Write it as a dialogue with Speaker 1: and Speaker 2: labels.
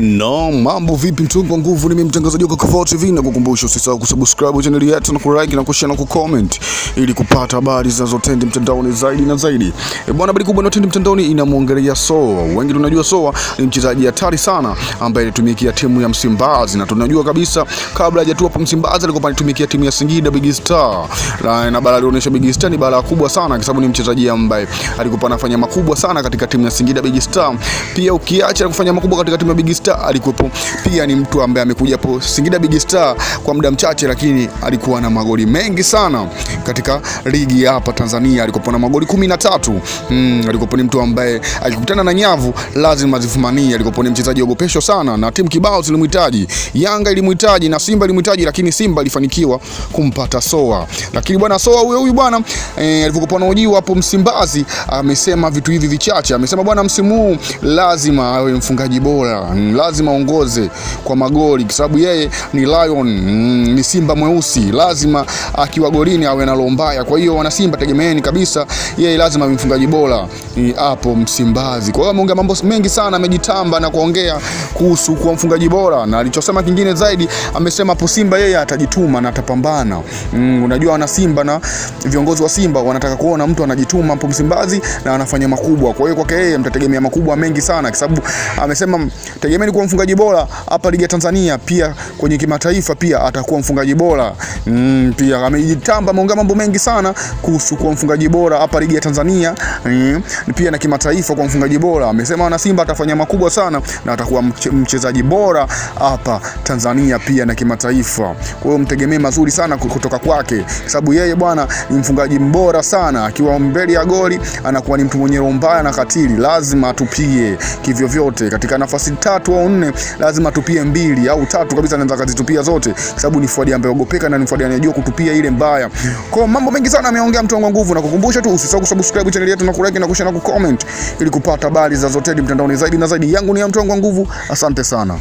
Speaker 1: No, mambo vipi mtungu wa nguvu, mimi mtangazaji wa Kevoo TV na kukumbusha usisahau kusubscribe channel yetu na kulike na kushare na kucomment ili kupata habari zinazotendi mtandaoni zaidi na zaidi. E bwana, habari kubwa inayotendi mtandaoni inamwongelea Soa. Wengi tunajua Soa ni mchezaji hatari sana ambaye alitumikia timu ya Msimbazi na tunajua kabisa kabla hajatua hapo Msimbazi alikuwa anatumikia timu ya Singida Big Star. Na bara alionyesha Big Star ni bara kubwa sana kwa sababu ni mchezaji ambaye alikuwa anafanya makubwa sana katika timu ya Singida Big Star. Pia ukiacha kufanya makubwa katika timu ya Big Star Star alikuwepo pia, ni mtu ambaye amekuja po Singida Big Star kwa muda mchache, lakini alikuwa na magoli mengi sana katika ligi hapa Tanzania, alikuwa na magoli 13. Mm, alikuwa ni mtu ambaye alikutana na nyavu lazima zifumanie, alikuwa ni mchezaji ogopesho sana na timu kibao zilimhitaji, Yanga ilimhitaji na Simba ilimhitaji, lakini Simba ilifanikiwa kumpata Soa. Lakini bwana Soa huyo huyu bwana eh, e, na ujio hapo Msimbazi amesema vitu hivi vichache, amesema bwana, msimu huu lazima awe mfungaji bora hmm, lazima aongoze kwa magoli, kwa sababu yeye ni lion, mm, ni simba mweusi, lazima akiwa golini awe na roho mbaya. Kwa hiyo wana Simba, tegemeeni kabisa yeye lazima mfungaji bora hapo Msimbazi. Kwa hiyo ameongea mambo mengi sana, amejitamba na kuongea kuhusu kuwa mfungaji bora, na alichosema kingine zaidi, amesema hapo Simba yeye atajituma na atapambana. Mm, unajua wana Simba na viongozi wa Simba wanataka kuona mtu anajituma hapo Msimbazi na anafanya makubwa. Kwa hiyo kwake yeye mtategemea makubwa mengi sana, kwa sababu amesema tegemeni kuwa mfungaji bora hapa ligi ya Tanzania, pia kwenye kimataifa pia atakuwa mfungaji bora mm, pia amejitamba, ameongea mambo mengi sana kuhusu kuwa mfungaji bora hapa ligi ya Tanzania mm, pia na kimataifa kwa mfungaji bora. Amesema wana Simba atafanya makubwa sana na atakuwa mchezaji bora hapa Tanzania pia na kimataifa. Kwa hiyo mtegemee mazuri sana kutoka kwake, sababu yeye bwana ni mfungaji mbora sana, akiwa mbele ya goli anakuwa ni mtu mwenye roho mbaya na katili, lazima tupige kivyo vyote katika nafasi tatu tuo nne lazima tupie mbili au tatu kabisa, anaweza kazitupia zote, kwa sababu ni Fuadi ambaye ogopeka na ni Fuadi anayejua kutupia ile mbaya. Kwa mambo mengi sana ameongea mtu wangu nguvu, na kukumbusha tu usisahau kusubscribe channel yetu na like na kushare na comment ili kupata habari za zotedi mtandaoni zaidi na zaidi. Yangu ni ya mtu wangu nguvu, asante sana.